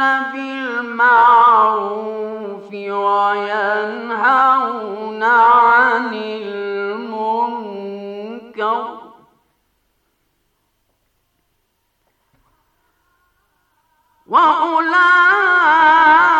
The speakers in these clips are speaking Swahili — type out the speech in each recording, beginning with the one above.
بالمعروف وينهون عن المنكر وأولئك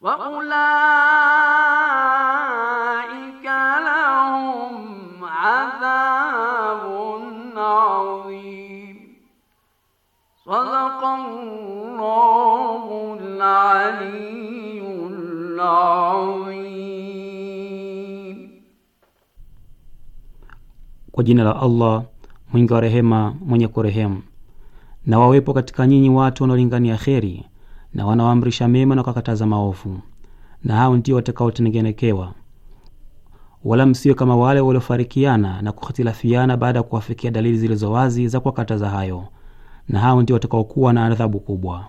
Kwa jina la Allah mwingi wa rehema mwenye kurehemu. Na wawepo katika nyinyi watu wanaolingania kheri na wanaoamrisha mema na kuwakataza maovu, na hao ndio watakaotengenekewa. Wala msiwe kama wale waliofarikiana na kuhitilafiana baada ya kuwafikia dalili zilizo wazi za kuwakataza hayo, na hao ndio watakaokuwa na adhabu kubwa.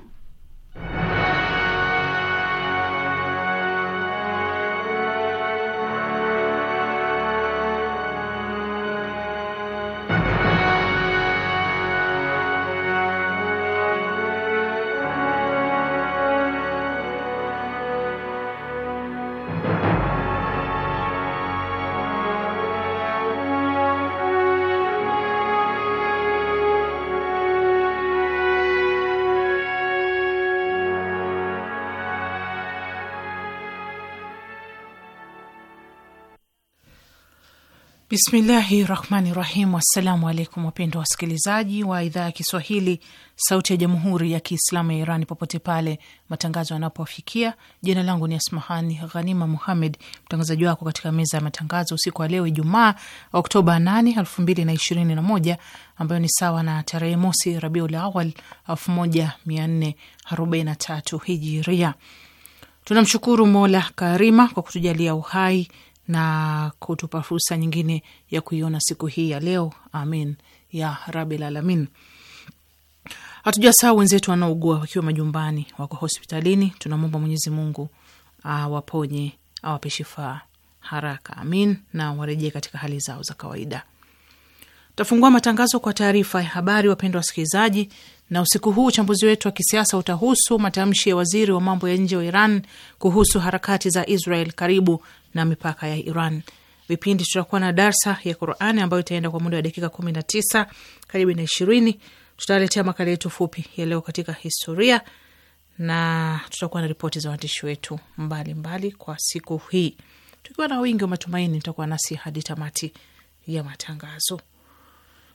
Bismillahi rahmani rahim. Assalamu alaikum wapendwa wasikilizaji wa idhaa ya Kiswahili sauti ya jamhuri ya Kiislamu ya Iran popote pale matangazo yanapofikia Jina langu ni Asmahani Ghanima Muhamed, mtangazaji wako katika meza ya matangazo usiku wa leo Ijumaa Oktoba 8 ambayo ni sawa na tarehe mosi Rabiul Awal elfu Hijiria. Tunamshukuru Mola Karima kwa kutujalia uhai na kutupa fursa nyingine ya kuiona siku hii ya leo. Amin ya rabil alamin. saa wenzetu wanaougua wakiwa majumbani, wako hospitalini. Tunamwomba Mwenyezi Mungu awaponye, awape shifaa haraka, amin, na warejee katika hali zao za kawaida. Tafungua matangazo kwa taarifa ya habari, wapendwa wasikilizaji, na usiku huu uchambuzi wetu wa kisiasa utahusu matamshi ya waziri wa mambo ya nje wa Iran kuhusu harakati za Israel karibu na mipaka ya Iran. Vipindi tutakuwa na darsa ya Qurani ambayo itaenda kwa muda wa dakika kumi na tisa karibu na ishirini. Tutaletea makala yetu fupi ya leo katika historia na tutakuwa na ripoti za waandishi wetu mbalimbali mbali kwa siku hii, tukiwa na wingi wa matumaini. Nitakuwa nasi hadi tamati ya matangazo.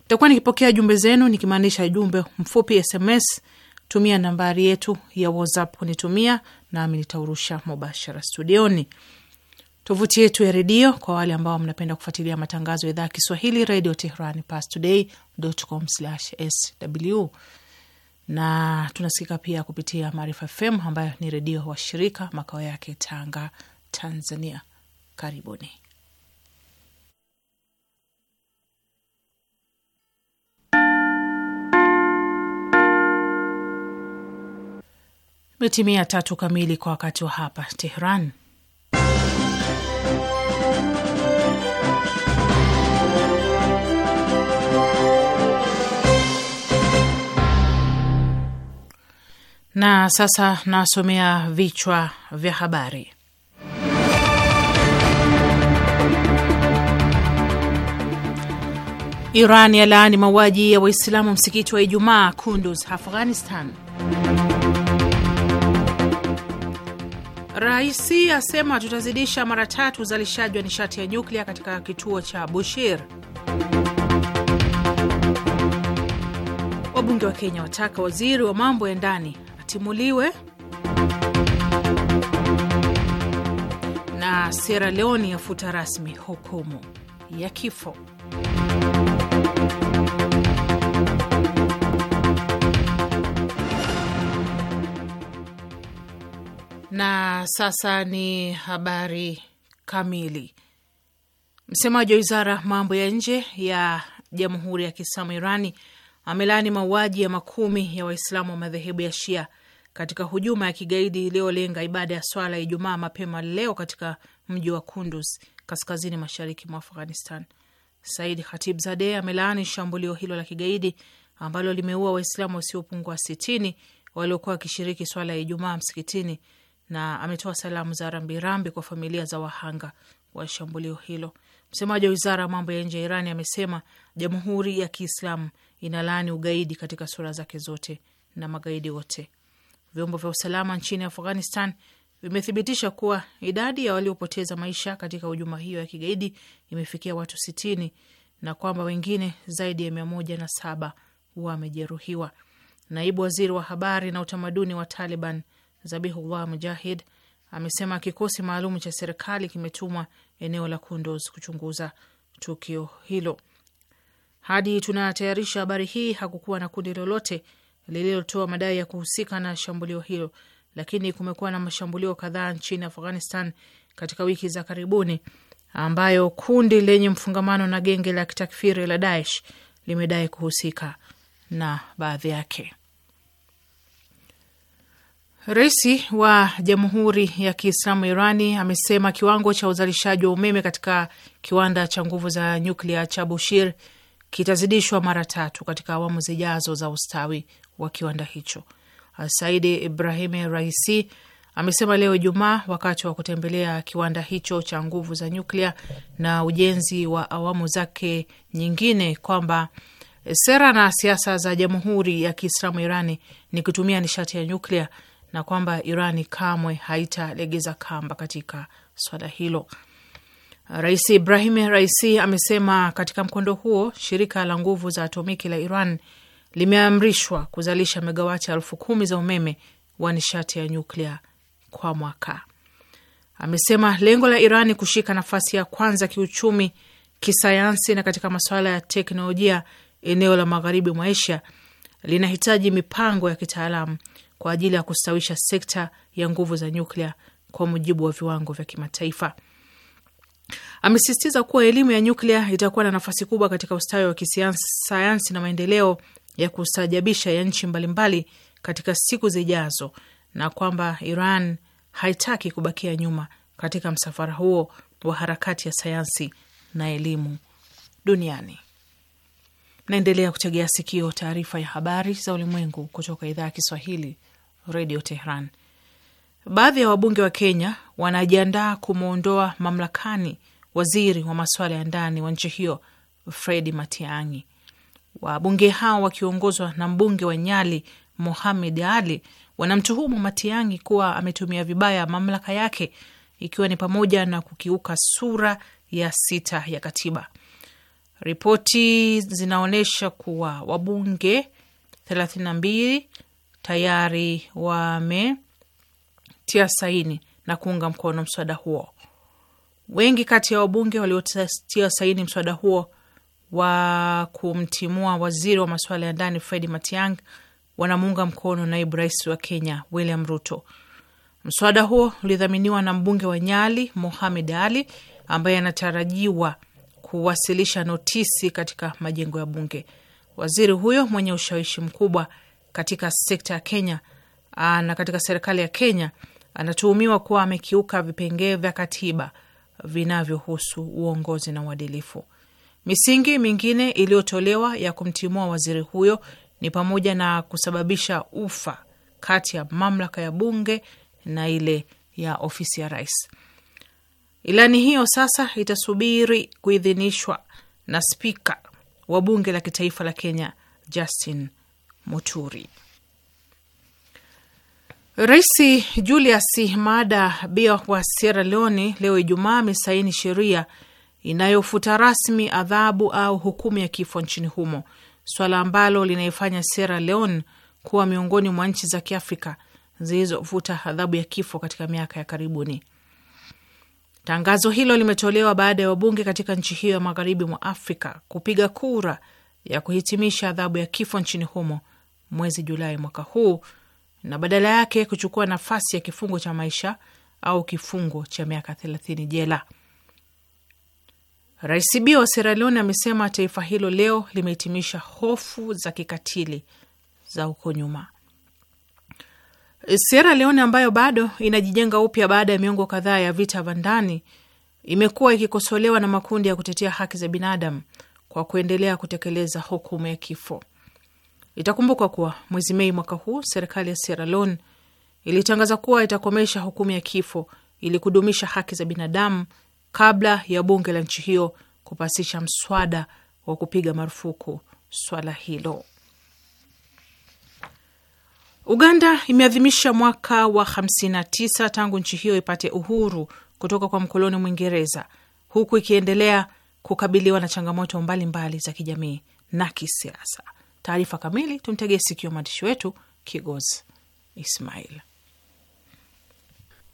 Nitakuwa nikipokea jumbe zenu, nikimaanisha jumbe mfupi SMS. Tumia nambari yetu ya WhatsApp kunitumia, nami nitaurusha mubashara studioni. Tovuti yetu ya redio kwa wale ambao mnapenda kufuatilia matangazo ya idhaa ya Kiswahili redio Tehrani, pastoday.com/sw. Na tunasikika pia kupitia Maarifa FM ambayo ni redio washirika, makao yake Tanga, Tanzania. Karibuni. Metimia tatu kamili kwa wakati wa hapa Tehran. Na sasa nasomea vichwa vya habari. Iran yalaani mauaji ya Waislamu msikiti wa Ijumaa Kunduz, Afghanistan. Raisi asema tutazidisha mara tatu uzalishaji wa nishati ya nyuklia katika kituo cha Bushir. Wabunge wa Kenya wataka waziri wa mambo ya ndani atimuliwe. Na Sierra Leone yafuta rasmi hukumu ya kifo. Na sasa ni habari kamili. Msemaji wa wizara mambo ya nje ya Jamhuri ya Kiislamu Irani amelaani mauaji ya makumi ya Waislamu wa madhehebu ya Shia katika hujuma ya kigaidi iliyolenga ibada ya swala ya Ijumaa mapema leo katika mji wa Kunduz, kaskazini mashariki mwa Afghanistan. Said zade amelaani shambulio hilo la kigaidi ambalo limeua Waislamu wasiopungua sitini waliokuwa wakishiriki swala ya Ijumaa msikitini na ametoa salamu za rambirambi kwa familia za wahanga wa shambulio hilo. Msemaji wa wizara ya mambo ya nje ya Irani amesema jamhuri ya Kiislamu inalaani ugaidi katika sura zake zote na magaidi wote. Vyombo vya usalama nchini Afghanistan vimethibitisha kuwa idadi ya waliopoteza maisha katika hujuma hiyo ya kigaidi imefikia watu sitini na kwamba wengine zaidi ya mia moja na saba wamejeruhiwa. Naibu waziri wa habari na utamaduni wa Taliban Zabihullah Mujahid amesema kikosi maalum cha serikali kimetumwa eneo la Kunduz kuchunguza tukio hilo. Hadi tunatayarisha habari hii, hakukuwa na kundi lolote lililotoa madai ya kuhusika na shambulio hilo, lakini kumekuwa na mashambulio kadhaa nchini Afghanistan katika wiki za karibuni ambayo kundi lenye mfungamano na genge la kitakfiri la Daesh limedai kuhusika na baadhi yake. Rais wa Jamhuri ya Kiislamu Irani amesema kiwango cha uzalishaji wa umeme katika kiwanda cha nguvu za nyuklia cha Bushir kitazidishwa mara tatu katika awamu zijazo za ustawi wa kiwanda hicho. Saidi Ibrahim Raisi amesema leo Ijumaa wakati wa kutembelea kiwanda hicho cha nguvu za nyuklia na ujenzi wa awamu zake nyingine kwamba sera na siasa za Jamhuri ya Kiislamu Irani ni kutumia nishati ya nyuklia na kwamba Irani kamwe haitalegeza kamba katika swala hilo. Rais Ibrahim Raisi amesema katika mkondo huo shirika la nguvu za atomiki la Iran limeamrishwa kuzalisha megawati elfu kumi za umeme wa nishati ya nyuklia kwa mwaka. Amesema lengo la iran kushika nafasi ya kwanza kiuchumi, kisayansi na katika masuala ya teknolojia eneo la magharibi mwa Asia linahitaji mipango ya kitaalamu kwa ajili ya kustawisha sekta ya nguvu za nyuklia kwa mujibu wa viwango vya kimataifa. Amesisitiza kuwa elimu ya nyuklia itakuwa na nafasi kubwa katika ustawi wa kisayansi na maendeleo ya kustajabisha ya nchi mbalimbali katika siku zijazo, na kwamba Iran haitaki kubakia nyuma katika msafara huo wa harakati ya sayansi na elimu duniani. Naendelea kutegea sikio taarifa ya habari za ulimwengu kutoka idhaa ya Kiswahili Redio Tehran. Baadhi ya wabunge wa Kenya wanajiandaa kumwondoa mamlakani waziri wa masuala ya ndani wa nchi hiyo Fredi Matiang'i. Wabunge hao wakiongozwa na mbunge wa Nyali Mohamed Ali wanamtuhumu Matiang'i kuwa ametumia vibaya mamlaka yake ikiwa ni pamoja na kukiuka sura ya sita ya katiba. Ripoti zinaonyesha kuwa wabunge mbili tayari wametia saini na kuunga mkono mswada huo. Wengi kati ya wabunge waliotia saini mswada huo wa kumtimua waziri wa masuala ya ndani Fredi Matiang wanamuunga mkono naibu rais wa Kenya William Ruto. Mswada huo ulidhaminiwa na mbunge wa Nyali Mohamed Ali ambaye anatarajiwa kuwasilisha notisi katika majengo ya bunge. Waziri huyo mwenye ushawishi mkubwa katika sekta ya Kenya ah, na katika serikali ya Kenya anatuhumiwa kuwa amekiuka vipengee vya katiba vinavyohusu uongozi na uadilifu. Misingi mingine iliyotolewa ya kumtimua waziri huyo ni pamoja na kusababisha ufa kati ya mamlaka ya bunge na ile ya ofisi ya rais. Ilani hiyo sasa itasubiri kuidhinishwa na spika wa bunge la kitaifa la Kenya Justin Muturi. Rais Julius Maada Bio wa Sierra Leone leo Ijumaa amesaini sheria inayofuta rasmi adhabu au hukumu ya kifo nchini humo, swala ambalo linaifanya Sierra Leone kuwa miongoni mwa nchi za Kiafrika zilizofuta adhabu ya kifo katika miaka ya karibuni. Tangazo hilo limetolewa baada ya wabunge katika nchi hiyo ya magharibi mwa Afrika kupiga kura ya kuhitimisha adhabu ya kifo nchini humo mwezi Julai mwaka huu na badala yake kuchukua nafasi ya kifungo cha maisha au kifungo cha miaka thelathini jela. Rais Bio wa Sierra Leone amesema taifa hilo leo limehitimisha hofu za kikatili za huko nyuma. Sierra Leone ambayo bado inajijenga upya baada ya miongo kadhaa ya vita vya ndani imekuwa ikikosolewa na makundi ya kutetea haki za binadamu kwa kuendelea kutekeleza hukumu ya kifo. Itakumbukwa kuwa mwezi Mei mwaka huu serikali ya Sierra Leone ilitangaza kuwa itakomesha hukumu ya kifo ili kudumisha haki za binadamu kabla ya bunge la nchi hiyo kupasisha mswada wa kupiga marufuku swala hilo. Uganda imeadhimisha mwaka wa 59 tangu nchi hiyo ipate uhuru kutoka kwa mkoloni Mwingereza, huku ikiendelea kukabiliwa na changamoto mbalimbali mbali za kijamii na kisiasa. Taarifa kamili tumtegee sikio mwandishi wetu Kigozi Ismail.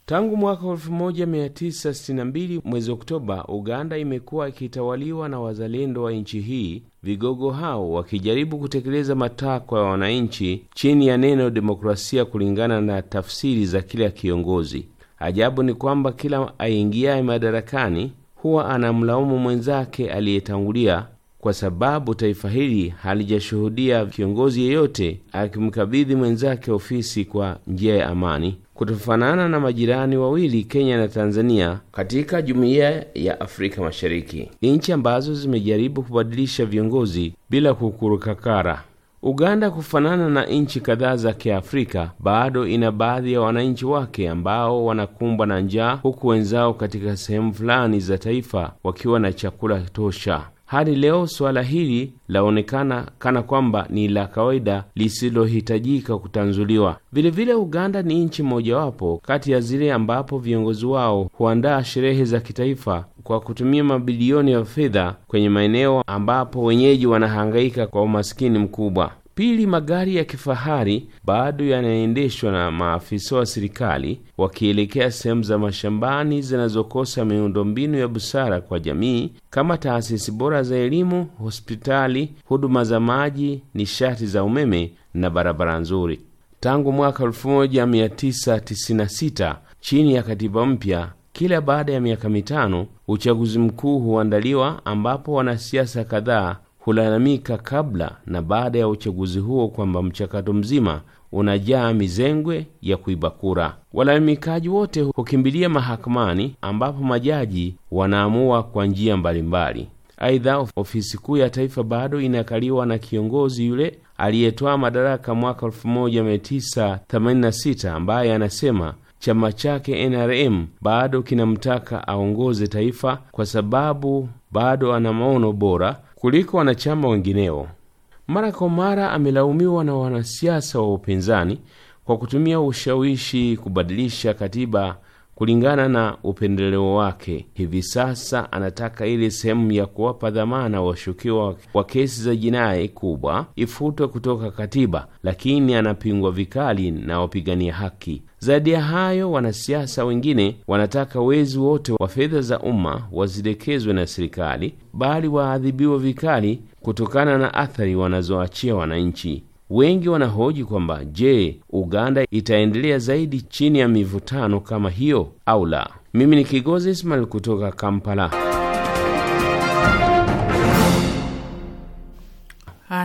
Tangu mwaka 1962 mwezi Oktoba, Uganda imekuwa ikitawaliwa na wazalendo wa nchi hii, vigogo hao wakijaribu kutekeleza matakwa ya wananchi chini ya neno demokrasia, kulingana na tafsiri za kila kiongozi. Ajabu ni kwamba kila aingiaye madarakani huwa anamlaumu mwenzake aliyetangulia kwa sababu taifa hili halijashuhudia kiongozi yeyote akimkabidhi mwenzake ofisi kwa njia ya amani. Kutofanana na majirani wawili Kenya na Tanzania katika jumuiya ya Afrika Mashariki, nchi ambazo zimejaribu kubadilisha viongozi bila kukurukakara. Uganda, kufanana na nchi kadhaa za Kiafrika, bado ina baadhi ya wananchi wake ambao wanakumbwa na njaa, huku wenzao katika sehemu fulani za taifa wakiwa na chakula tosha. Hadi leo suala hili laonekana kana kwamba ni la kawaida lisilohitajika kutanzuliwa. Vilevile vile Uganda ni nchi mojawapo kati ya zile ambapo viongozi wao huandaa sherehe za kitaifa kwa kutumia mabilioni ya fedha kwenye maeneo ambapo wenyeji wanahangaika kwa umaskini mkubwa. Pili, magari ya kifahari bado yanaendeshwa na maafisa wa serikali wakielekea sehemu za mashambani zinazokosa miundombinu ya busara kwa jamii kama taasisi bora za elimu, hospitali, huduma za maji, nishati za umeme na barabara nzuri. Tangu mwaka 1996 chini ya katiba mpya, kila baada ya miaka mitano uchaguzi mkuu huandaliwa ambapo wanasiasa kadhaa hulalamika kabla na baada ya uchaguzi huo kwamba mchakato mzima unajaa mizengwe ya kuiba kura. Walalamikaji wote hukimbilia mahakamani ambapo majaji wanaamua kwa njia mbalimbali. Aidha, ofisi kuu ya taifa bado inakaliwa na kiongozi yule aliyetwaa madaraka mwaka 1986 ambaye anasema chama chake NRM bado kinamtaka aongoze taifa kwa sababu bado ana maono bora kuliko wanachama wengineo. Mara kwa mara amelaumiwa na wanasiasa wa upinzani kwa kutumia ushawishi kubadilisha katiba kulingana na upendeleo wake. Hivi sasa anataka ile sehemu ya kuwapa dhamana washukiwa wa kesi za jinai kubwa ifutwe kutoka katiba, lakini anapingwa vikali na wapigania haki. Zaidi ya hayo, wanasiasa wengine wanataka wezi wote wa fedha za umma wazidekezwe na serikali, bali waadhibiwe vikali kutokana na athari wanazoachia wananchi. Wengi wanahoji kwamba je, Uganda itaendelea zaidi chini ya mivutano kama hiyo au la? Mimi ni Kigozi Ismail kutoka Kampala.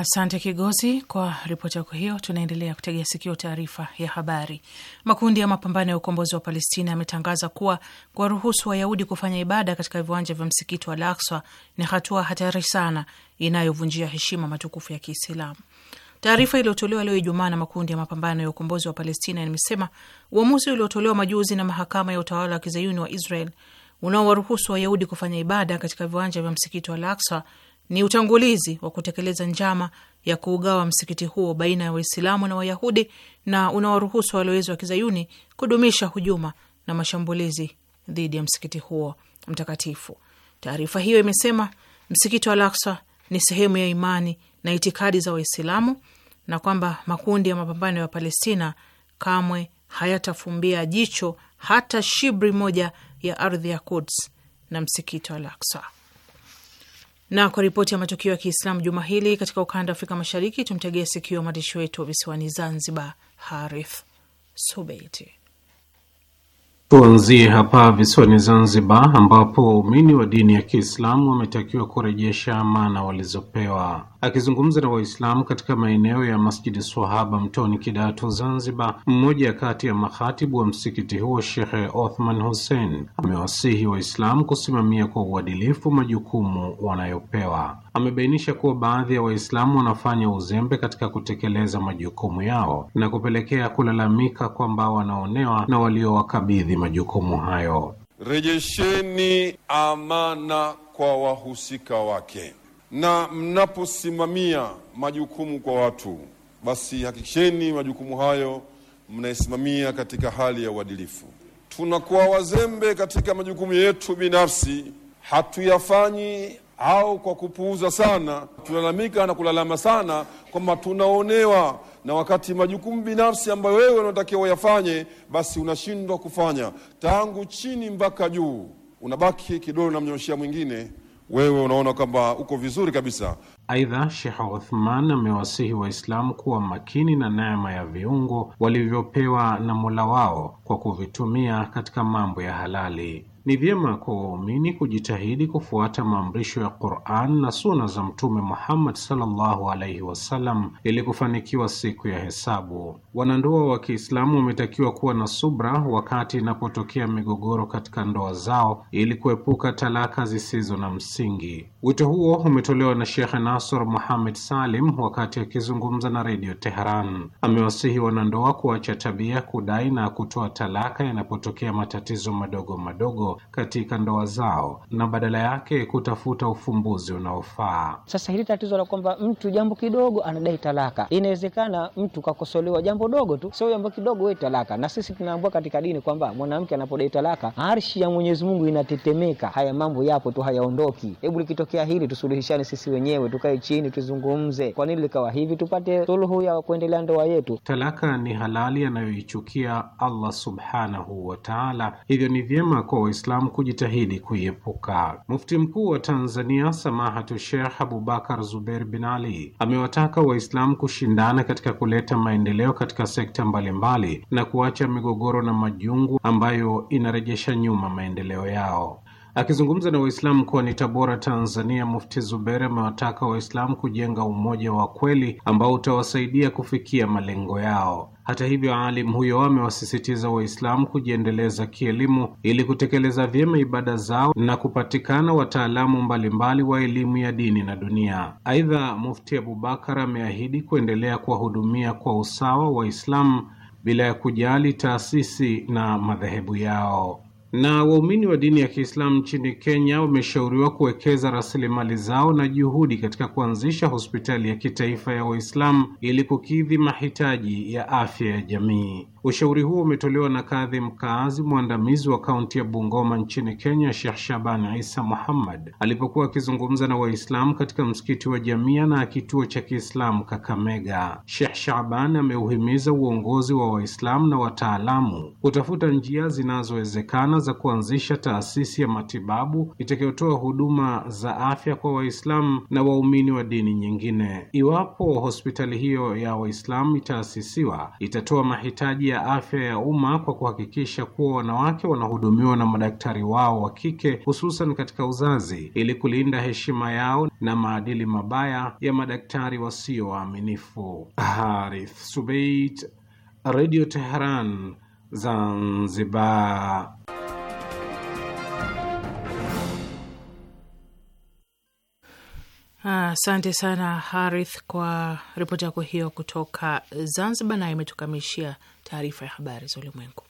Asante Kigozi kwa ripoti yako hiyo. Tunaendelea kutegea sikio taarifa ya habari. Makundi ya mapambano ya ukombozi wa Palestina yametangaza kuwa kuwaruhusu Wayahudi kufanya ibada katika viwanja vya msikiti wa Al-Aqsa ni hatua hatari sana inayovunjia heshima matukufu ya Kiislamu. Taarifa iliyotolewa leo Ijumaa na makundi ya mapambano ya ukombozi wa Palestina imesema uamuzi uliotolewa majuzi na mahakama ya utawala wa kizayuni wa Israel unaowaruhusu Wayahudi kufanya ibada katika viwanja vya msikiti wa Al-Aqsa ni utangulizi wa kutekeleza njama ya kuugawa msikiti huo baina ya Waislamu na Wayahudi na unawaruhusu walowezi wa kizayuni kudumisha hujuma na mashambulizi dhidi ya msikiti huo mtakatifu. Taarifa hiyo imesema msikiti wa Al-Aqsa ni sehemu ya imani na itikadi za Waislamu na kwamba makundi ya mapambano ya Palestina kamwe hayatafumbia jicho hata shibri moja ya ardhi ya Quds na msikiti wa Al-Aqsa. Na kwa ripoti ya matukio ya Kiislamu juma hili katika ukanda wa Afrika Mashariki, tumtegee sikio mwandishi wetu wa visiwani Zanzibar, Harith Subeiti. Tuanzie hapa visiwani Zanzibar, ambapo waumini wa dini ya Kiislamu wametakiwa kurejesha amana walizopewa. Akizungumza na Waislamu katika maeneo ya Masjidi Swahaba Mtoni Kidatu Zanzibar, mmoja ya kati ya makhatibu wa msikiti huo Shekhe Othman Hussein amewasihi Waislamu kusimamia kwa uadilifu majukumu wanayopewa. Amebainisha kuwa baadhi ya Waislamu wanafanya uzembe katika kutekeleza majukumu yao na kupelekea kulalamika kwamba wanaonewa na waliowakabidhi majukumu hayo. Rejesheni amana kwa wahusika wake na mnaposimamia majukumu kwa watu, basi hakikisheni majukumu hayo mnaisimamia katika hali ya uadilifu. Tunakuwa wazembe katika majukumu yetu binafsi, hatuyafanyi au kwa kupuuza sana, tulalamika na kulalama sana kwamba tunaonewa, na wakati majukumu binafsi ambayo wewe unatakiwa uyafanye, basi unashindwa kufanya, tangu chini mpaka juu, unabaki kidole mnyoshia mwingine wewe unaona kwamba uko vizuri kabisa. Aidha, Shekh Uthman amewasihi Waislamu kuwa makini na neema ya viungo walivyopewa na Mola wao kwa kuvitumia katika mambo ya halali. Ni vyema kwa waumini kujitahidi kufuata maamrisho ya Qur'an na suna za Mtume Muhammad sallallahu alaihi wasallam ili kufanikiwa siku ya hesabu. Wanandoa wa Kiislamu wametakiwa kuwa na subra wakati inapotokea migogoro katika ndoa zao ili kuepuka talaka zisizo na msingi. Wito huo umetolewa na Sheikh Nasr Muhamed Salim wakati akizungumza na Redio Teheran. Amewasihi wanandoa kuacha tabia kudai na kutoa talaka yanapotokea matatizo madogo madogo katika ndoa zao na badala yake kutafuta ufumbuzi unaofaa. Sasa hili tatizo la kwamba mtu jambo kidogo anadai talaka, inawezekana mtu kakosolewa jambo dogo tu, sio jambo kidogo we talaka. Na sisi tunaambua katika dini kwamba mwanamke anapodai talaka, arshi ya Mwenyezi Mungu inatetemeka. Haya mambo yapo tu, hayaondoki. Hebu likitokea hili tusuluhishane sisi wenyewe, tukae chini tuzungumze, kwa nini likawa hivi, tupate suluhu ya kuendelea ndoa yetu. Talaka ni halali anayoichukia Allah subhanahu wa taala, hivyo ni vyema kwa Waislamu kujitahidi kuiepuka. Mufti mkuu wa Tanzania Samahatu Sheikh Abubakar Zubeir bin Ali amewataka Waislamu kushindana katika kuleta maendeleo katika sekta mbalimbali mbali, na kuacha migogoro na majungu ambayo inarejesha nyuma maendeleo yao. Akizungumza na Waislamu mkoani Tabora, Tanzania, Mufti Zuberi amewataka Waislamu kujenga umoja wa kweli ambao utawasaidia kufikia malengo yao. Hata hivyo, alim huyo amewasisitiza Waislamu kujiendeleza kielimu ili kutekeleza vyema ibada zao na kupatikana wataalamu mbalimbali wa elimu ya dini na dunia. Aidha, Mufti Abubakar ameahidi kuendelea kuwahudumia kwa usawa Waislamu bila ya kujali taasisi na madhehebu yao. Na waumini wa dini ya Kiislamu nchini Kenya wameshauriwa kuwekeza rasilimali zao na juhudi katika kuanzisha hospitali ya kitaifa ya Waislamu ili kukidhi mahitaji ya afya ya jamii. Ushauri huo umetolewa na kadhi mkaazi mwandamizi wa kaunti ya Bungoma nchini Kenya, Sheikh Shaban Isa Muhammad alipokuwa akizungumza na Waislamu katika msikiti wa Jamia na kituo cha Kiislamu Kakamega. Sheikh Shaban ameuhimiza uongozi wa Waislamu na wataalamu kutafuta njia zinazowezekana za kuanzisha taasisi ya matibabu itakayotoa huduma za afya kwa Waislamu na waumini wa dini nyingine. Iwapo hospitali hiyo ya Waislamu itaasisiwa, itatoa mahitaji ya afya ya umma kwa kuhakikisha kuwa wanawake wanahudumiwa na madaktari wao wa kike, hususan katika uzazi, ili kulinda heshima yao na maadili mabaya ya madaktari wasioaminifu. Harith Subait, Radio Teheran, Zanzibar. Asante ah, sana Harith kwa ripoti yako hiyo kutoka Zanzibar, na imetukamilishia taarifa ya habari za ulimwengu.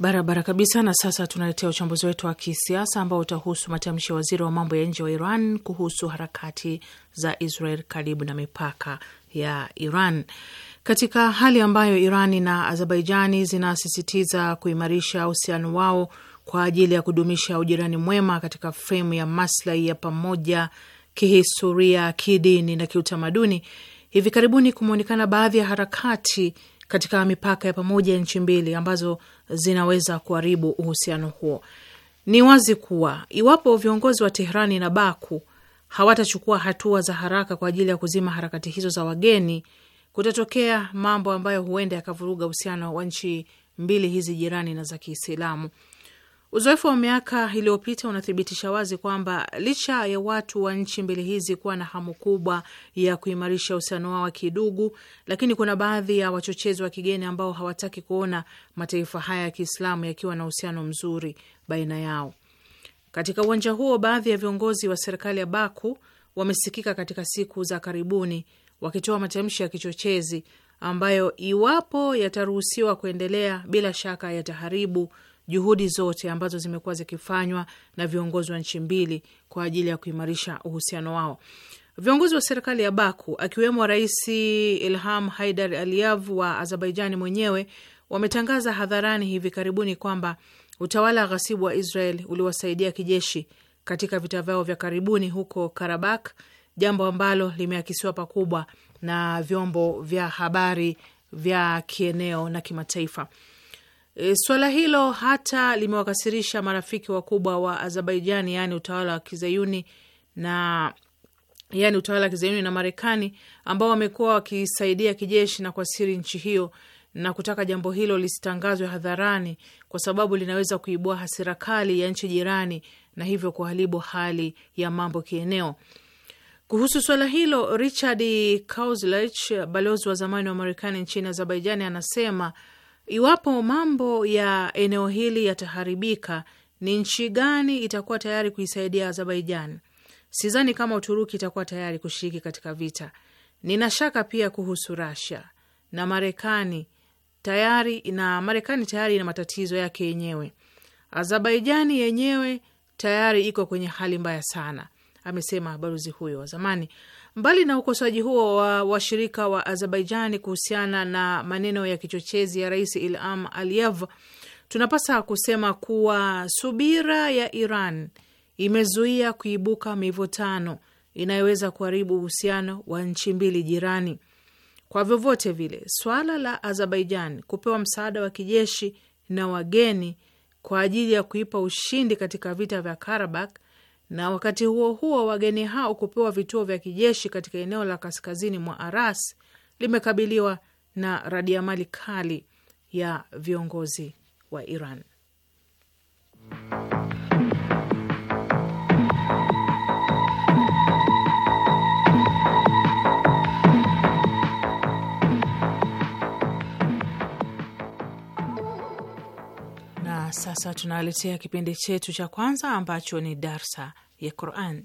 Barabara kabisa. Na sasa tunaletea uchambuzi wetu wa kisiasa ambao utahusu matamshi ya waziri wa mambo ya nje wa Iran kuhusu harakati za Israel karibu na mipaka ya Iran katika hali ambayo Irani na Azerbaijani zinasisitiza kuimarisha uhusiano wao kwa ajili ya kudumisha ujirani mwema katika fremu ya maslahi ya pamoja kihistoria, kidini na kiutamaduni. Hivi karibuni kumeonekana baadhi ya harakati katika mipaka ya pamoja ya nchi mbili ambazo zinaweza kuharibu uhusiano huo. Ni wazi kuwa iwapo viongozi wa Teherani na Baku hawatachukua hatua za haraka kwa ajili ya kuzima harakati hizo za wageni, kutatokea mambo ambayo huenda yakavuruga uhusiano wa nchi mbili hizi jirani na za Kiislamu. Uzoefu wa miaka iliyopita unathibitisha wazi kwamba licha ya watu wa nchi mbili hizi kuwa na hamu kubwa ya kuimarisha uhusiano wao wa kidugu, lakini kuna baadhi ya wachochezi wa kigeni ambao hawataki kuona mataifa haya ya Kiislamu yakiwa na uhusiano mzuri baina yao. Katika uwanja huo, baadhi ya viongozi wa serikali ya Baku wamesikika katika siku za karibuni wakitoa matamshi ya kichochezi ambayo iwapo yataruhusiwa kuendelea, bila shaka yataharibu juhudi zote ambazo zimekuwa zikifanywa na viongozi wa nchi mbili kwa ajili ya kuimarisha uhusiano wao. Viongozi wa serikali ya Baku akiwemo Rais Ilham Haidar Aliyev wa Azerbaijani mwenyewe wametangaza hadharani hivi karibuni kwamba Utawala ghasibu wa Israel uliwasaidia kijeshi katika vita vyao vya karibuni huko Karabak, jambo ambalo limeakisiwa pakubwa na vyombo vya habari vya kieneo na kimataifa. E, swala hilo hata limewakasirisha marafiki wakubwa wa Azerbaijan, yani utawala wa kizayuni na yani utawala wa kizayuni na Marekani ambao wamekuwa wakisaidia kijeshi na kuasiri nchi hiyo na kutaka jambo hilo lisitangazwe hadharani kwa sababu linaweza kuibua hasira kali ya nchi jirani na hivyo kuharibu hali ya mambo kieneo. Kuhusu suala hilo, Richard Kauslich, balozi wa zamani wa Marekani nchini Azerbaijani, anasema iwapo mambo ya eneo hili yataharibika, ni nchi gani itakuwa tayari kuisaidia Azerbaijan? Sidhani kama Uturuki itakuwa tayari kushiriki katika vita. Nina shaka pia kuhusu Rasia na Marekani tayari na Marekani tayari ina matatizo yake yenyewe. Azerbaijani yenyewe tayari iko kwenye hali mbaya sana, amesema balozi huyo wa zamani. Mbali na ukosoaji huo wa washirika wa Azerbaijani kuhusiana na maneno ya kichochezi ya Rais Ilham Aliyev, tunapasa kusema kuwa subira ya Iran imezuia kuibuka mivutano inayoweza kuharibu uhusiano wa nchi mbili jirani. Kwa vyovyote vile, swala la Azerbaijan kupewa msaada wa kijeshi na wageni kwa ajili ya kuipa ushindi katika vita vya Karabakh na wakati huo huo wageni hao kupewa vituo vya kijeshi katika eneo la kaskazini mwa Aras limekabiliwa na radiamali kali ya viongozi wa Iran. sasa tunaletea kipindi chetu cha kwanza ambacho ni darsa ya Quran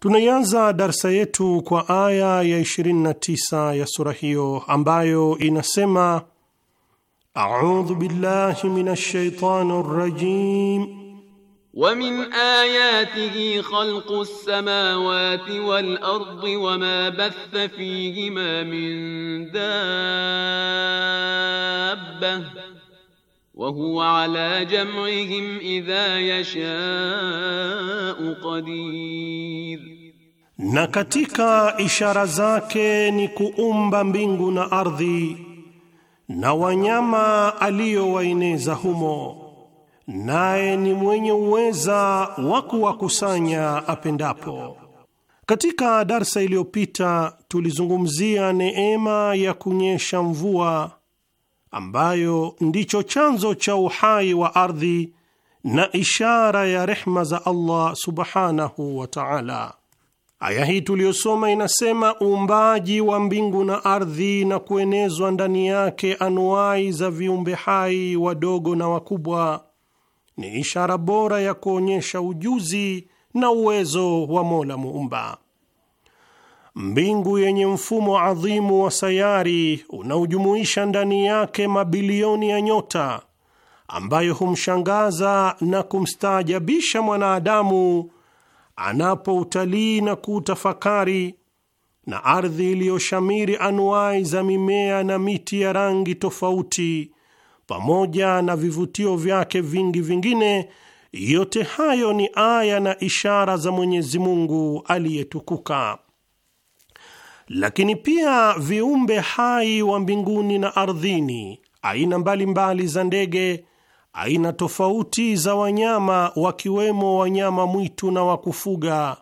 Tunaianza darsa yetu kwa aya ya 29 ya sura hiyo ambayo inasema: audhu billahi minash shaitani rrajim ومن آياته خلق السماوات والأرض وما بث فيهما من دابة wa huwa ala jam'ihim idha yashau qadir, na katika ishara zake ni kuumba mbingu na ardhi na wanyama aliyowaeneza humo, naye ni mwenye uweza wa kuwakusanya apendapo. Katika darsa iliyopita tulizungumzia neema ya kunyesha mvua ambayo ndicho chanzo cha uhai wa ardhi na ishara ya rehma za Allah subhanahu wa ta'ala. Aya hii tuliyosoma inasema uumbaji wa mbingu na ardhi na kuenezwa ndani yake anuwai za viumbe hai wadogo na wakubwa ni ishara bora ya kuonyesha ujuzi na uwezo wa Mola Muumba mbingu yenye mfumo adhimu wa sayari unaojumuisha ndani yake mabilioni ya nyota ambayo humshangaza na kumstaajabisha mwanadamu anapoutalii na kuutafakari, na ardhi iliyoshamiri anuwai za mimea na miti ya rangi tofauti, pamoja na vivutio vyake vingi vingine. Yote hayo ni aya na ishara za Mwenyezi Mungu aliyetukuka lakini pia viumbe hai wa mbinguni na ardhini, aina mbalimbali za ndege, aina tofauti za wanyama, wakiwemo wanyama mwitu na wa kufuga,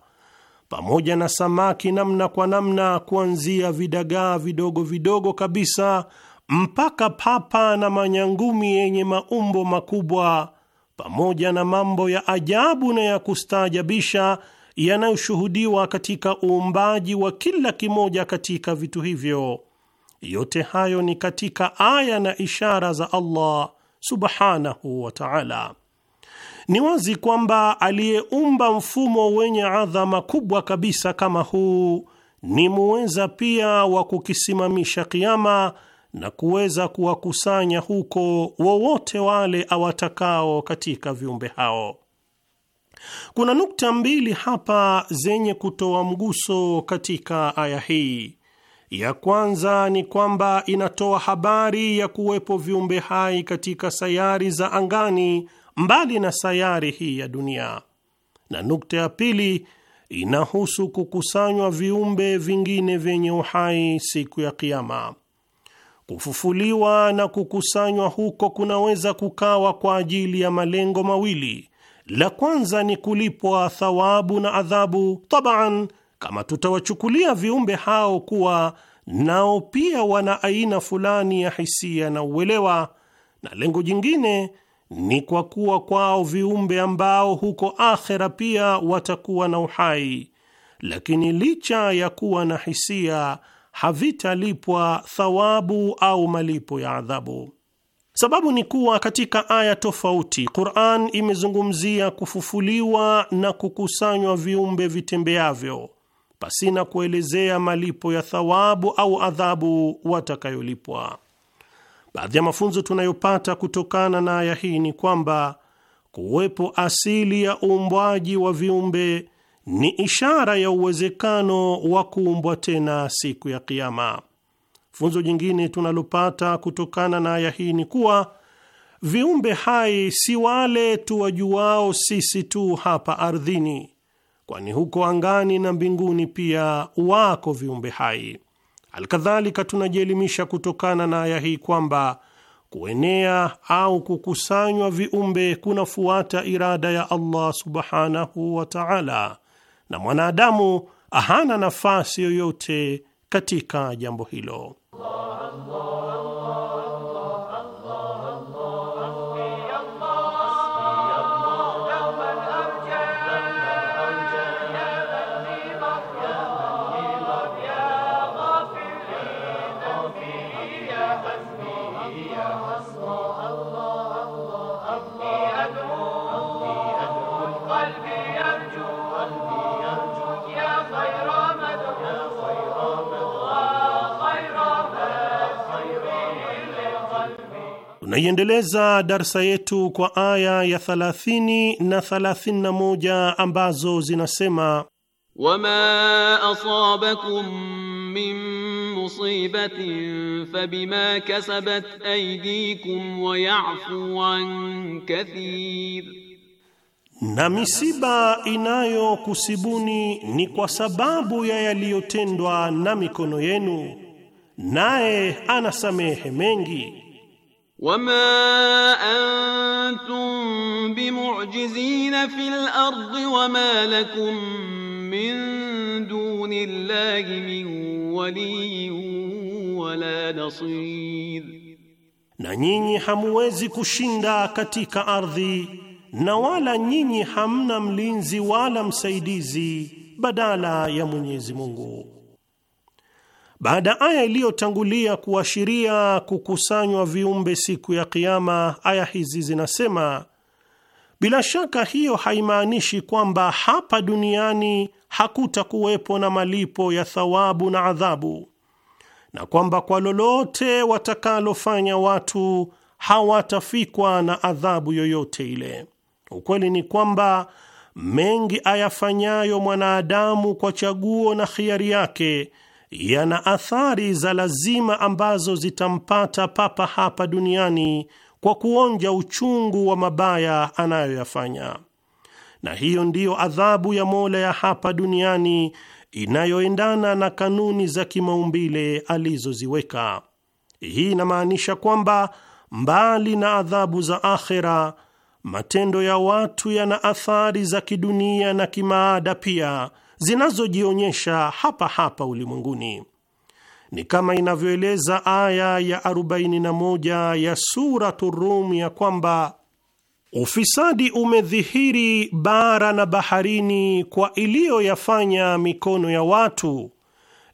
pamoja na samaki namna kwa namna, kuanzia vidagaa vidogo vidogo kabisa mpaka papa na manyangumi yenye maumbo makubwa, pamoja na mambo ya ajabu na ya kustaajabisha yanayoshuhudiwa katika uumbaji wa kila kimoja katika vitu hivyo. Yote hayo ni katika aya na ishara za Allah subhanahu wa ta'ala. Ni wazi kwamba aliyeumba mfumo wenye adhama kubwa kabisa kama huu ni muweza pia wa kukisimamisha kiama na kuweza kuwakusanya huko wowote wale awatakao katika viumbe hao. Kuna nukta mbili hapa zenye kutoa mguso katika aya hii. Ya kwanza ni kwamba inatoa habari ya kuwepo viumbe hai katika sayari za angani mbali na sayari hii ya dunia, na nukta ya pili inahusu kukusanywa viumbe vingine vyenye uhai siku ya Kiama. Kufufuliwa na kukusanywa huko kunaweza kukawa kwa ajili ya malengo mawili la kwanza ni kulipwa thawabu na adhabu taban, kama tutawachukulia viumbe hao kuwa nao pia wana aina fulani ya hisia na uelewa, na lengo jingine ni kwa kuwa kwao viumbe ambao huko akhera pia watakuwa na uhai, lakini licha ya kuwa na hisia havitalipwa thawabu au malipo ya adhabu. Sababu ni kuwa katika aya tofauti Qur'an imezungumzia kufufuliwa na kukusanywa viumbe vitembeavyo pasina kuelezea malipo ya thawabu au adhabu watakayolipwa. Baadhi ya mafunzo tunayopata kutokana na aya hii ni kwamba kuwepo asili ya uumbwaji wa viumbe ni ishara ya uwezekano wa kuumbwa tena siku ya kiama Funzo jingine tunalopata kutokana na aya hii ni kuwa viumbe hai si wale tuwajuao sisi tu hapa ardhini, kwani huko angani na mbinguni pia wako viumbe hai. Alkadhalika, tunajielimisha kutokana na aya hii kwamba kuenea au kukusanywa viumbe kunafuata irada ya Allah subhanahu wa ta'ala, na mwanadamu hana nafasi yoyote katika jambo hilo. Allah, Allah. Tunaiendeleza darsa yetu kwa aya ya 30 na 31 ambazo zinasema wama asabakum min musibatin fabima kasabat aydikum wa ya'fu an kathir, na misiba inayokusibuni ni kwa sababu ya yaliyotendwa na mikono yenu, naye anasamehe mengi. Wama antum bimu'jizina fil ardi wama lakum min dunillahi min waliyyin wala nasir, na nyinyi hamuwezi kushinda katika ardhi na wala nyinyi hamna mlinzi wala msaidizi badala ya Mwenyezi Mungu. Baada aya iliyotangulia kuashiria kukusanywa viumbe siku ya Kiama, aya hizi zinasema bila shaka hiyo haimaanishi kwamba hapa duniani hakutakuwepo na malipo ya thawabu na adhabu, na kwamba kwa lolote watakalofanya watu hawatafikwa na adhabu yoyote ile. Ukweli ni kwamba mengi ayafanyayo mwanadamu kwa chaguo na khiari yake yana athari za lazima ambazo zitampata papa hapa duniani kwa kuonja uchungu wa mabaya anayoyafanya, na hiyo ndiyo adhabu ya Mola ya hapa duniani inayoendana na kanuni za kimaumbile alizoziweka. Hii inamaanisha kwamba mbali na adhabu za akhera, matendo ya watu yana athari za kidunia na kimaada pia zinazojionyesha hapa hapa ulimwenguni. Ni kama inavyoeleza aya ya 41 ya Suratu Rum ya kwamba ufisadi umedhihiri bara na baharini kwa iliyoyafanya mikono ya watu,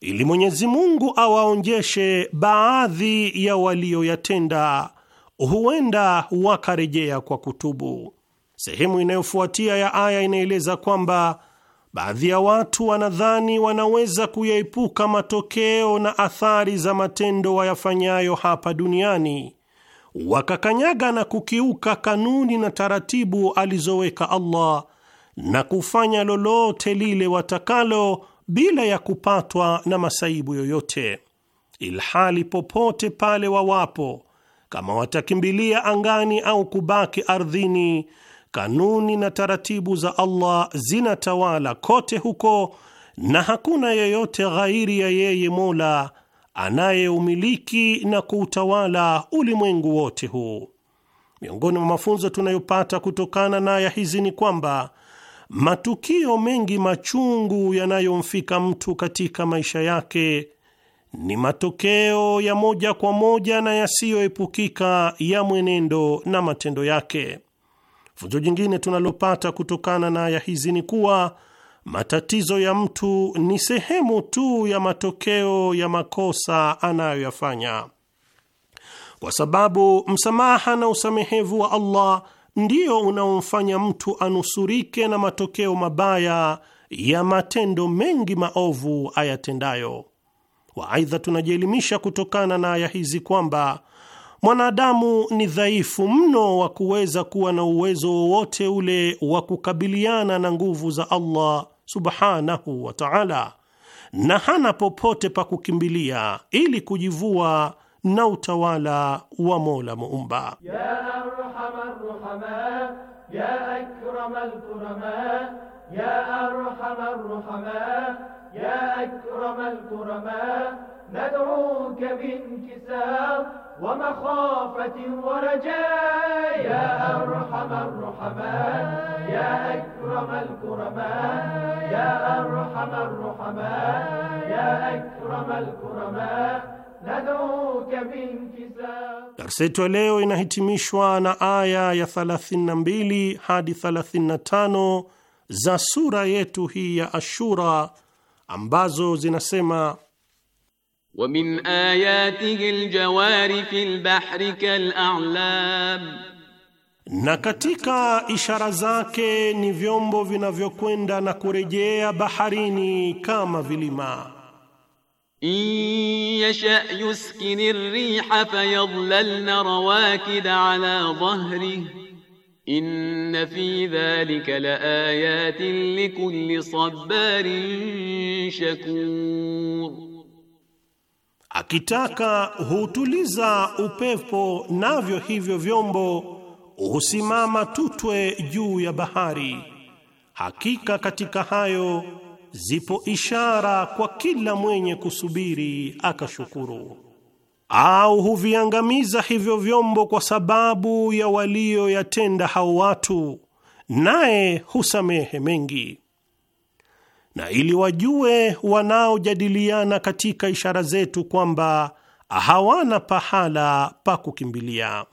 ili Mwenyezi Mungu awaonjeshe baadhi ya walioyatenda, huenda wakarejea kwa kutubu. Sehemu inayofuatia ya aya inaeleza kwamba Baadhi ya watu wanadhani wanaweza kuyaepuka matokeo na athari za matendo wayafanyayo hapa duniani, wakakanyaga na kukiuka kanuni na taratibu alizoweka Allah na kufanya lolote lile watakalo bila ya kupatwa na masaibu yoyote, ilhali popote pale wawapo, kama watakimbilia angani au kubaki ardhini kanuni na taratibu za Allah zinatawala kote huko, na hakuna yeyote ghairi ya yeye Mola anayeumiliki na kuutawala ulimwengu wote huu. Miongoni mwa mafunzo tunayopata kutokana na aya hizi ni kwamba matukio mengi machungu yanayomfika mtu katika maisha yake ni matokeo ya moja kwa moja na yasiyoepukika ya mwenendo na matendo yake. Funzo jingine tunalopata kutokana na aya hizi ni kuwa matatizo ya mtu ni sehemu tu ya matokeo ya makosa anayoyafanya, kwa sababu msamaha na usamehevu wa Allah ndiyo unaomfanya mtu anusurike na matokeo mabaya ya matendo mengi maovu ayatendayo. Waaidha, tunajielimisha kutokana na aya hizi kwamba Mwanadamu ni dhaifu mno wa kuweza kuwa na uwezo wowote ule wa kukabiliana na nguvu za Allah subhanahu wa ta'ala, na hana popote pa kukimbilia ili kujivua na utawala wa Mola Muumba. Ya arhamar rahama, ya akramal kurama, ya arhamar rahama, ya akramal kurama, nad'uka binkisar ومخافة ورجاء يا أرحم الرحماء يا أكرم الكرماء يا أرحم الرحماء يا أكرم الكرماء Darsa yetu ya leo inahitimishwa na aya ya 32 hadi 35 za sura yetu hii ya Ashura ambazo zinasema: wa min ayatihi aljawari fil bahri na katika ishara zake ni vyombo vinavyokwenda na kurejea baharini kama vilima in yasha yuskini rriha fayadhlalna rawakida ala dhahrihi inna fi dhalika laayatin likulli sabarin shakur, akitaka huutuliza upepo navyo hivyo vyombo husimama tutwe juu ya bahari. Hakika katika hayo zipo ishara kwa kila mwenye kusubiri akashukuru. Au huviangamiza hivyo vyombo kwa sababu ya walioyatenda hao watu, naye husamehe mengi. Na ili wajue wanaojadiliana katika ishara zetu kwamba hawana pahala pa kukimbilia.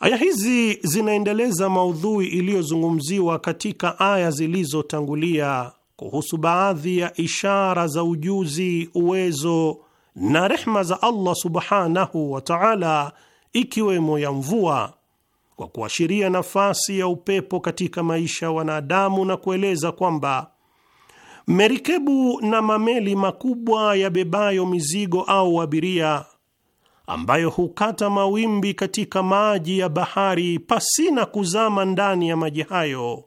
Aya hizi zinaendeleza maudhui iliyozungumziwa katika aya zilizotangulia kuhusu baadhi ya ishara za ujuzi, uwezo na rehma za Allah subhanahu wa ta'ala, ikiwemo ya mvua, kwa kuashiria nafasi ya upepo katika maisha ya wanadamu na kueleza kwamba merikebu na mameli makubwa yabebayo mizigo au abiria ambayo hukata mawimbi katika maji ya bahari pasina kuzama ndani ya maji hayo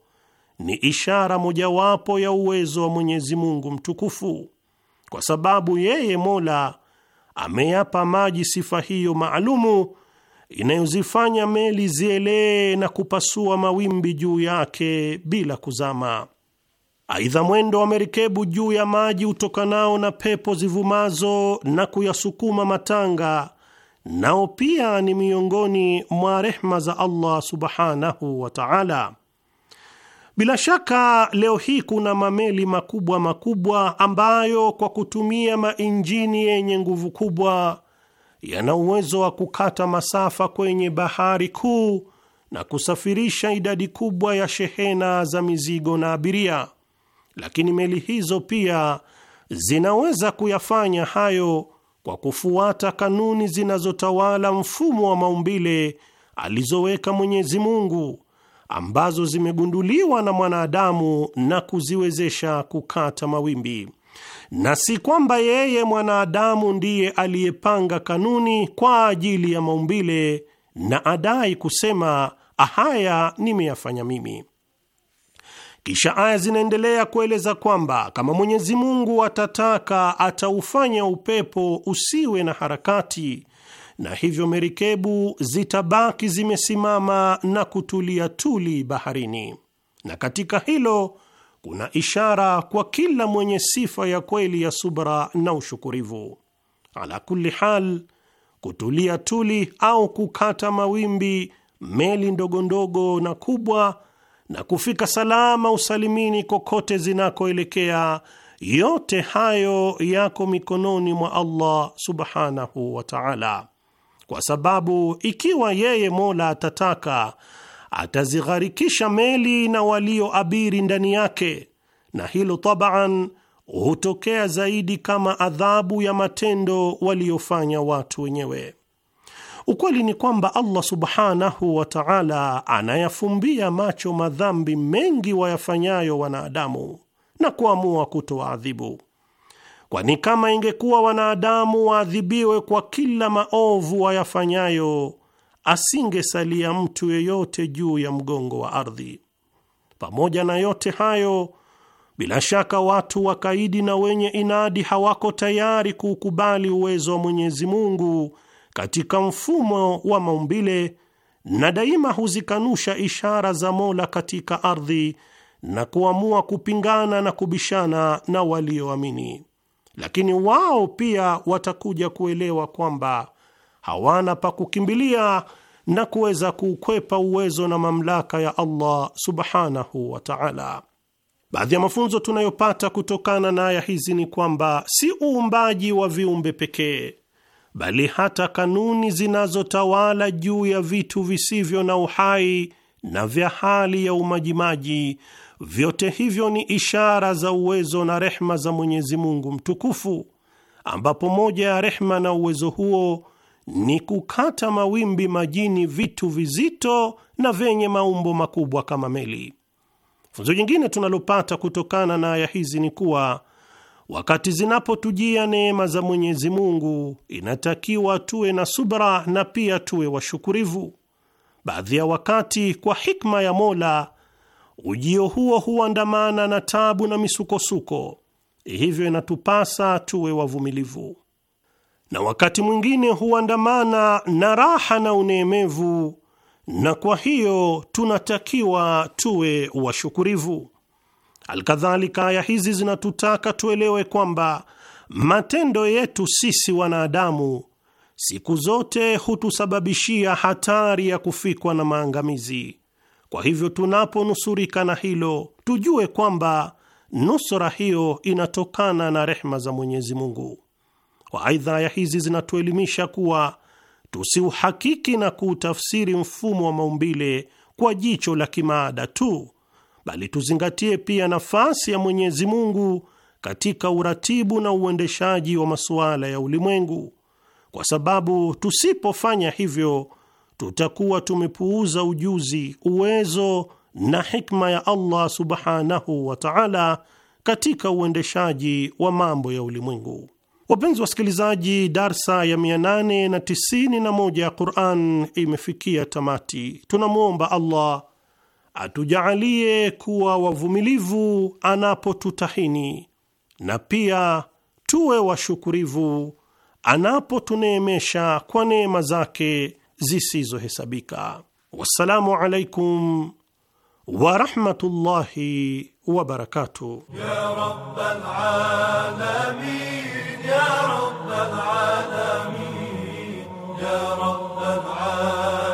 ni ishara mojawapo ya uwezo wa Mwenyezi Mungu mtukufu, kwa sababu yeye Mola ameyapa maji sifa hiyo maalumu inayozifanya meli zielee na kupasua mawimbi juu yake bila kuzama. Aidha, mwendo wa merikebu juu ya maji utokanao na pepo zivumazo na kuyasukuma matanga, nao pia ni miongoni mwa rehma za Allah subhanahu wa ta'ala. Bila shaka leo hii kuna mameli makubwa makubwa ambayo kwa kutumia mainjini yenye nguvu kubwa yana uwezo wa kukata masafa kwenye bahari kuu na kusafirisha idadi kubwa ya shehena za mizigo na abiria, lakini meli hizo pia zinaweza kuyafanya hayo kwa kufuata kanuni zinazotawala mfumo wa maumbile alizoweka Mwenyezi Mungu ambazo zimegunduliwa na mwanadamu na kuziwezesha kukata mawimbi, na si kwamba yeye mwanadamu ndiye aliyepanga kanuni kwa ajili ya maumbile na adai kusema haya nimeyafanya mimi. Kisha aya zinaendelea kueleza kwamba kama Mwenyezi Mungu atataka ataufanya upepo usiwe na harakati na hivyo merikebu zitabaki zimesimama na kutulia tuli baharini, na katika hilo kuna ishara kwa kila mwenye sifa ya kweli ya subra na ushukurivu. Ala kulli hal, kutulia tuli au kukata mawimbi meli ndogo ndogo na kubwa na kufika salama usalimini kokote zinakoelekea, yote hayo yako mikononi mwa Allah subhanahu wa ta'ala kwa sababu ikiwa yeye Mola atataka atazigharikisha meli na walioabiri ndani yake, na hilo tabaan hutokea zaidi kama adhabu ya matendo waliofanya watu wenyewe. Ukweli ni kwamba Allah subhanahu wa ta'ala anayafumbia macho madhambi mengi wayafanyayo wanadamu na kuamua kutowaadhibu kwani kama ingekuwa wanadamu waadhibiwe kwa kila maovu wayafanyayo, asingesalia mtu yeyote juu ya mgongo wa ardhi. Pamoja na yote hayo, bila shaka watu wakaidi na wenye inadi hawako tayari kuukubali uwezo wa Mwenyezi Mungu katika mfumo wa maumbile na daima huzikanusha ishara za Mola katika ardhi na kuamua kupingana na kubishana na walioamini lakini wao pia watakuja kuelewa kwamba hawana pa kukimbilia na kuweza kuukwepa uwezo na mamlaka ya Allah subhanahu wa ta'ala. Baadhi ya mafunzo tunayopata kutokana na aya hizi ni kwamba si uumbaji wa viumbe pekee, bali hata kanuni zinazotawala juu ya vitu visivyo na uhai na vya hali ya umajimaji Vyote hivyo ni ishara za uwezo na rehma za Mwenyezi Mungu mtukufu, ambapo moja ya rehma na uwezo huo ni kukata mawimbi majini vitu vizito na vyenye maumbo makubwa kama meli. Funzo jingine tunalopata kutokana na aya hizi ni kuwa wakati zinapotujia neema za Mwenyezi Mungu, inatakiwa tuwe na subra na pia tuwe washukurivu. Baadhi ya wakati kwa hikma ya Mola ujio huo huandamana na tabu na misukosuko, hivyo inatupasa tuwe wavumilivu, na wakati mwingine huandamana na raha na uneemevu, na kwa hiyo tunatakiwa tuwe washukurivu. Alkadhalika, aya hizi zinatutaka tuelewe kwamba matendo yetu sisi wanadamu siku zote hutusababishia hatari ya kufikwa na maangamizi kwa hivyo tunaponusurika na hilo, tujue kwamba nusura hiyo inatokana na rehma za Mwenyezi Mungu. Aidha, ya hizi zinatuelimisha kuwa tusiuhakiki na kuutafsiri mfumo wa maumbile kwa jicho la kimaada tu, bali tuzingatie pia nafasi ya Mwenyezi Mungu katika uratibu na uendeshaji wa masuala ya ulimwengu, kwa sababu tusipofanya hivyo tutakuwa tumepuuza ujuzi, uwezo na hikma ya Allah subhanahu wa ta'ala katika uendeshaji wa mambo ya ulimwengu. Wapenzi wasikilizaji, darsa ya 891 ya Quran imefikia tamati. Tunamwomba Allah atujaalie kuwa wavumilivu anapotutahini na pia tuwe washukurivu anapotuneemesha kwa neema zake zisizohesabika. Wassalamu alaikum warahmatullahi wabarakatuh. Ya rabbal alamin, ya rabbal alamin, ya rabbal alamin.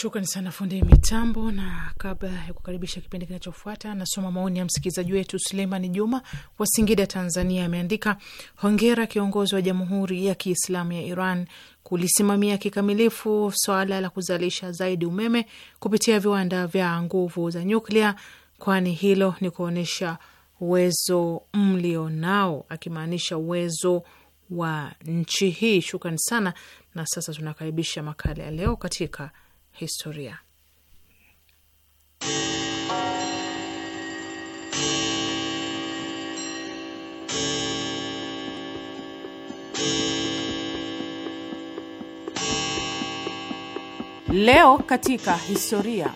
Shukrani sana fundi mitambo, na kabla ya kukaribisha kipindi kinachofuata, nasoma maoni ya msikilizaji wetu Suleiman Juma wa Singida, Tanzania. Ameandika, hongera kiongozi wa Jamhuri ya Kiislamu ya Iran kulisimamia kikamilifu swala la kuzalisha zaidi umeme kupitia viwanda vya nguvu za nyuklia, kwani hilo ni kuonyesha uwezo mlionao, akimaanisha uwezo wa nchi hii. Shukrani sana, na sasa tunakaribisha makala ya leo katika historia. Leo katika historia.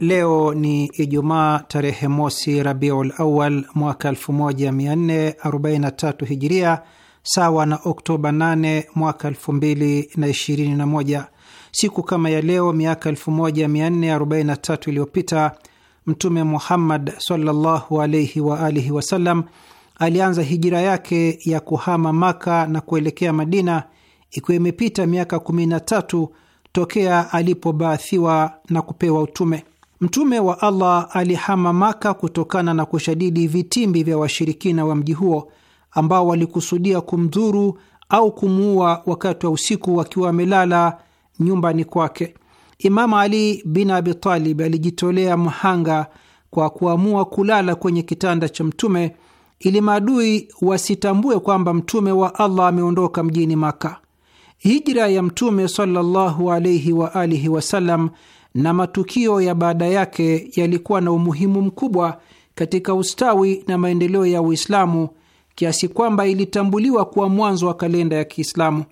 Leo ni Ijumaa tarehe mosi Rabiul Awal mwaka 1443 Hijiria, sawa na Oktoba 8 mwaka 2021. Siku kama ya leo miaka 1443 iliyopita Mtume Muhammad sallallahu wa alihi wasallam alianza hijira yake ya kuhama Maka na kuelekea Madina, ikiwa imepita miaka 13 tokea alipobaathiwa na kupewa utume. Mtume wa Allah alihama Maka kutokana na kushadidi vitimbi vya washirikina wa mji huo ambao walikusudia kumdhuru au kumuua wakati wa usiku wakiwa wamelala nyumbani kwake. Imamu Ali bin Abi Talib alijitolea mhanga kwa kuamua kulala kwenye kitanda cha Mtume ili maadui wasitambue kwamba Mtume wa Allah ameondoka mjini Maka. Hijra ya Mtume sallallahu alaihi wa alihi wasallam na matukio ya baada yake yalikuwa na umuhimu mkubwa katika ustawi na maendeleo ya Uislamu kiasi kwamba ilitambuliwa kuwa mwanzo wa kalenda ya Kiislamu.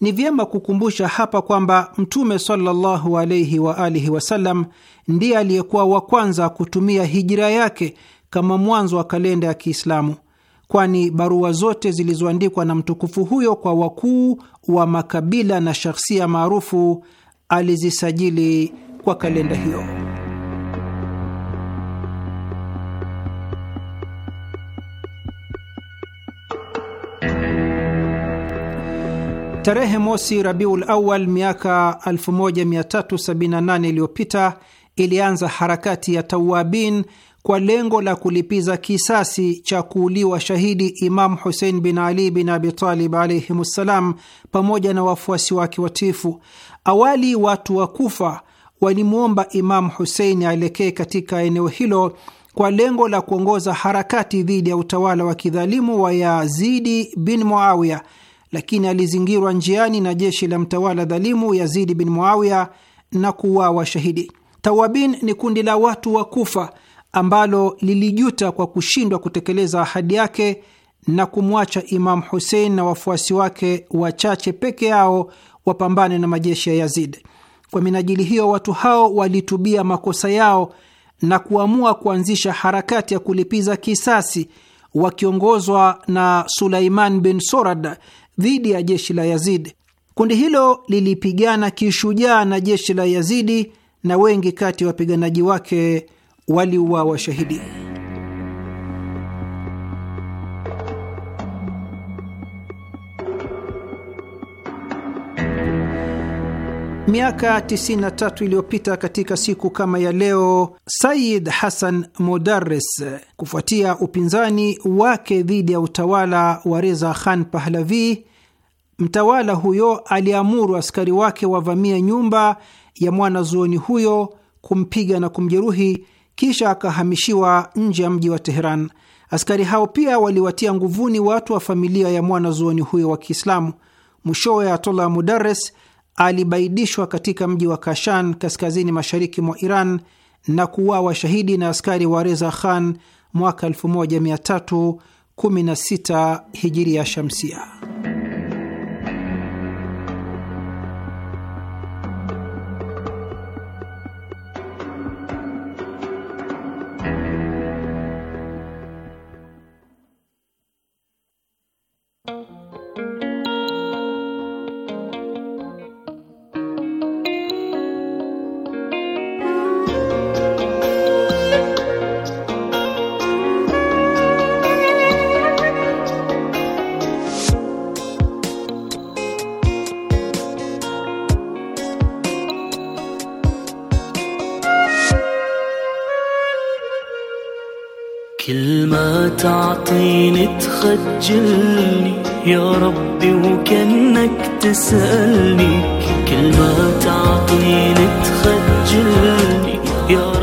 Ni vyema kukumbusha hapa kwamba Mtume sallallahu alaihi wa alihi wasallam ndiye aliyekuwa wa kwanza kutumia hijira yake kama mwanzo wa kalenda ya Kiislamu, kwani barua zote zilizoandikwa na mtukufu huyo kwa wakuu wa makabila na shakhsia maarufu alizisajili kwa kalenda hiyo. Tarehe mosi Rabiul Awal miaka 1378 iliyopita ilianza harakati ya Tawabin kwa lengo la kulipiza kisasi cha kuuliwa shahidi Imamu Husein bin Ali bin Abitalib alaihimssalam pamoja na wafuasi wake watifu. Awali watu wa Kufa walimwomba Imamu Husein aelekee katika eneo hilo kwa lengo la kuongoza harakati dhidi ya utawala wa kidhalimu wa Yazidi bin Muawiya lakini alizingirwa njiani na jeshi la mtawala dhalimu Yazidi bin Muawiya na kuuawa shahidi. Tawabin ni kundi la watu wa Kufa ambalo lilijuta kwa kushindwa kutekeleza ahadi yake na kumwacha Imamu Husein na wafuasi wake wachache peke yao wapambane na majeshi ya Yazid. Kwa minajili hiyo, watu hao walitubia makosa yao na kuamua kuanzisha harakati ya kulipiza kisasi wakiongozwa na Sulaiman bin Sorad dhidi ya jeshi la Yazidi. Kundi hilo lilipigana kishujaa na jeshi la Yazidi na wengi kati ya wapiganaji wake waliuawa shahidi. Miaka 93 iliyopita katika siku kama ya leo, Sayid Hassan Modarres, kufuatia upinzani wake dhidi ya utawala wa Reza Khan Pahlavi, Mtawala huyo aliamuru askari wake wavamie nyumba ya mwanazuoni huyo, kumpiga na kumjeruhi, kisha akahamishiwa nje ya mji wa Teheran. Askari hao pia waliwatia nguvuni watu wa familia ya mwanazuoni huyo wa Kiislamu. Mwishowe Atola Mudares alibaidishwa katika mji wa Kashan kaskazini mashariki mwa Iran na kuuawa shahidi na askari wa Reza Khan mwaka 1316 hijiria shamsia. تعطيني تخجلني يا ربي وكأنك تسألني كل ما تعطيني تخجلني يا ربي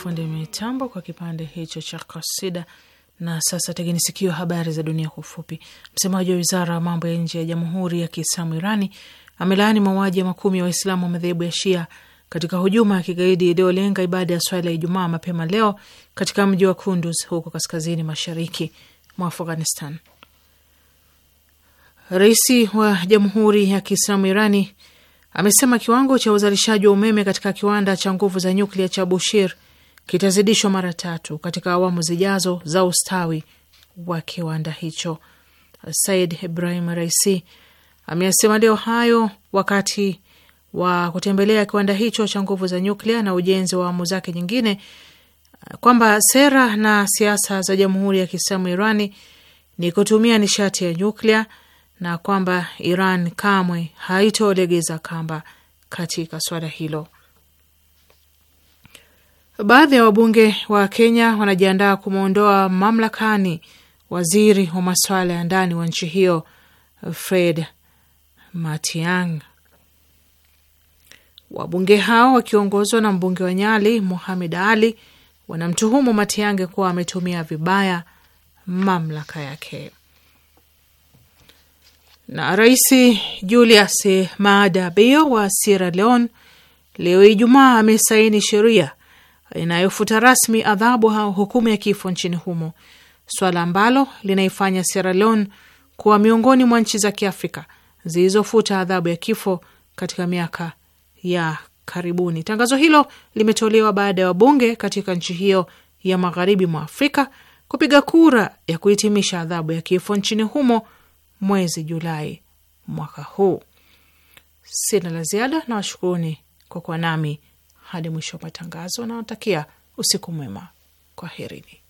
fundi mitambo kwa kipande hicho cha kasida. Na sasa tegeni sikio, habari za dunia kwa ufupi. Msemaji wa wizara ya mambo ya nje ya Jamhuri ya Kiislamu Irani amelaani mauaji ya makumi ya Waislamu wa madhehebu ya Shia katika hujuma ya kigaidi iliyolenga ibada ya swala ya Ijumaa mapema leo katika mji wa Kunduz huko kaskazini mashariki mwa Afghanistan. Rais wa Jamhuri ya Kiislamu Irani amesema kiwango cha uzalishaji wa umeme katika kiwanda cha nguvu za nyuklia cha Bushir kitazidishwa mara tatu katika awamu zijazo za ustawi wa kiwanda hicho. Said Ibrahim Raisi ameyasema leo hayo wakati wa kutembelea kiwanda hicho cha nguvu za nyuklia na ujenzi wa awamu zake nyingine kwamba sera na siasa za Jamhuri ya Kiislamu Irani ni kutumia nishati ya nyuklia na kwamba Iran kamwe haitolegeza kamba katika swala hilo. Baadhi ya wabunge wa Kenya wanajiandaa kumwondoa mamlakani waziri wa masuala ya ndani wa nchi hiyo Fred matiang Wabunge hao wakiongozwa na mbunge wa Nyali muhamed Ali wanamtuhumu Matiang'i kuwa ametumia vibaya mamlaka yake. Na Rais Julius Maada Bio wa Sierra Leone leo Ijumaa amesaini sheria inayofuta rasmi adhabu au hukumu ya kifo nchini humo, swala ambalo linaifanya Sierra Leone kuwa miongoni mwa nchi za Kiafrika zilizofuta adhabu ya kifo katika miaka ya karibuni. Tangazo hilo limetolewa baada ya wabunge katika nchi hiyo ya magharibi mwa Afrika kupiga kura ya kuhitimisha adhabu ya kifo nchini humo mwezi Julai mwaka huu. Sina la ziada na washukuruni kwa kuwa nami hadi mwisho wa matangazo, na natakia usiku mwema. Kwa herini.